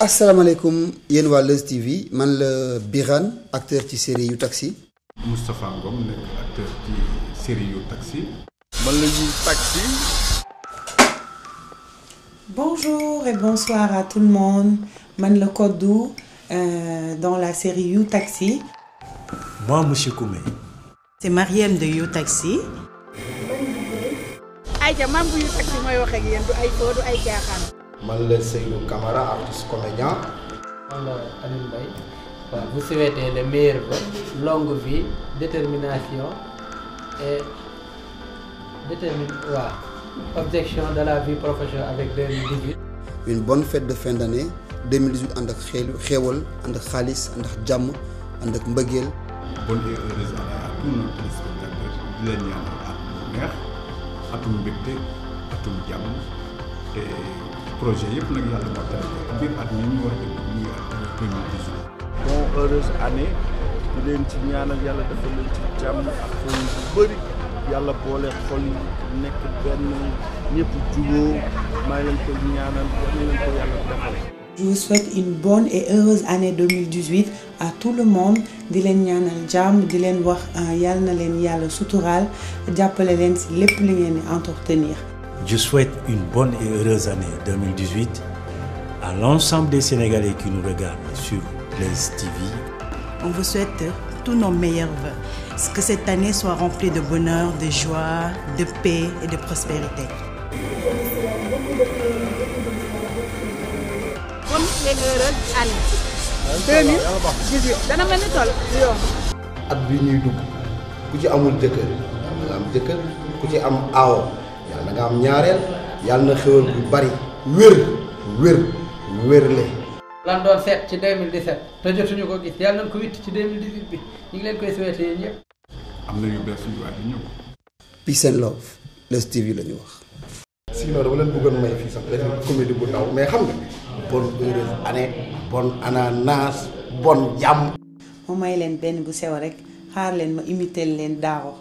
asalaamaaleykum yéen waa Leuz TV man la Birane acteur ci série yu taxi. Moustapha Ngom nekk acteur ci série yu taxi. man la ñuy taxi. bonjour et bonsoir à tout le monde man la Kodou euh, dans la série You Taxi. moi monsieur Koumé. c'est Mariem de You Taxi. ayca man bu You Taxi mooy wax ak du ay fo du ay man la Seydou Camara artiste comédien. man la Alioune Mbaye waaw vous souhaitez longue vie détermination et objection de la vie professionnelle avec 2018. une bonne fête de fin d' année 2018 ak xeelu xéewal ak xaalis ànd ak jàmm ànd ak mbëggeel. atum jàmm projet yëpp nag yàlla moo tax biir at mi ñu war heureuse année di leen ci ñaanal yàlla dafa leen ci jàmm ak xol yu bëri yàlla boole xol nekk benn ñëpp jubóo maa leen ko ñaanal yàlla leen ko yàlla defal. Je vous souhaite une bonne et heureuse année à tout le monde di leen ñaanal jàmm di leen wax euh, yàlla na leen yàlla suturaal jàppale leen si lépp li ngeen di entretenir. Je souhaite une bonne et heureuse année à l'ensemble des Sénégalais qui nous regardent sur Blaze TV. On vous souhaite tous nos meilleurs vœux. Que cette année soit remplie de bonheur, de joie, de paix et de prospérité. yàlla na nga am ñaareel yàlla na xéwal bu bari wér wér wér le lan doon seet ci 2017 te jotuñu ko gis yàlla nañ ko witt ci 2018 bi ñu leen koy souhaité am na yu bees yu waay di ñëw. peace and love Leuz TV la wax. sinon dama leen bëggoon may fii sax benn bu ndaw mais xam nga bonne heureuse année bonne ananas bonne jàmm. mu may leen benn bu sew rek xaar leen ma imiter leen daawo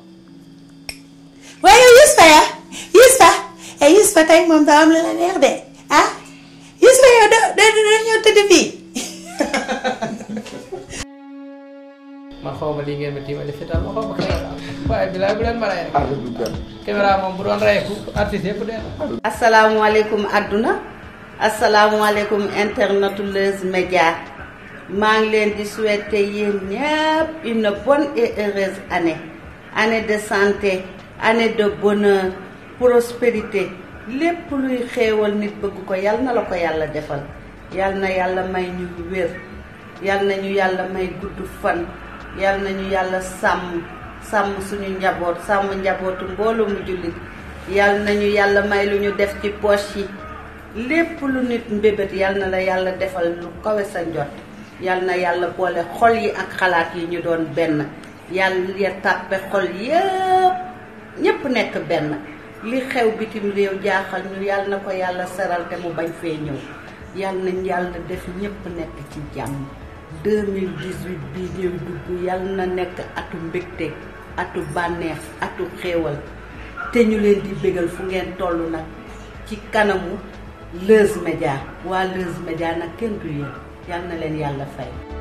waaye yus faya Youssoupha tey moom daa am lu la neex de ah Youssoupha yow da da da ñëw tëdd ma lii ngeen ma tiimale fi ma xaw ma waaye bilaay bu leen ma rey rek. moom bu doon rey ku artiste yëpp dee na. asalaamualeykum adduna asalaamualeykum internet Leuz Média maa ngi leen di souhaiter yéen ñëpp une bonne heureuse année année de santé année de bonheur prospérité. lépp luy xéewal nit bëggu ko yal na la ko yàlla defal yal na yàlla may ñu wér yal na ñu yàlla may gudd fan yal na ñu yàlla sàmm sàmm suñu njaboot sàmm njabootu mbooloo mu jullit yal na ñu yàlla may lu ñu def ci poche yi lépp lu nit mbébét yal na la yàlla defal lu kawe sa njot yal na yàlla boole xol yi ak xalaat yi ñu doon benn yàlla ya tàppe xol yépp ñépp nekk benn li xew bitim réew jaaxal ñu yàlla na ko yàlla seral te mu bañ fee ñëw yàlla nañ yàlla def ñépp nekk ci jàmm 2018 bii ñëw dugg yàlla na nekk atu mbégte atu bànneex atu xéewal te ñu leen di bégal fu ngeen toll nag ci kanamu Leuz Média waa Leuz Média nag kenn du yéen yàlla na leen yàlla fay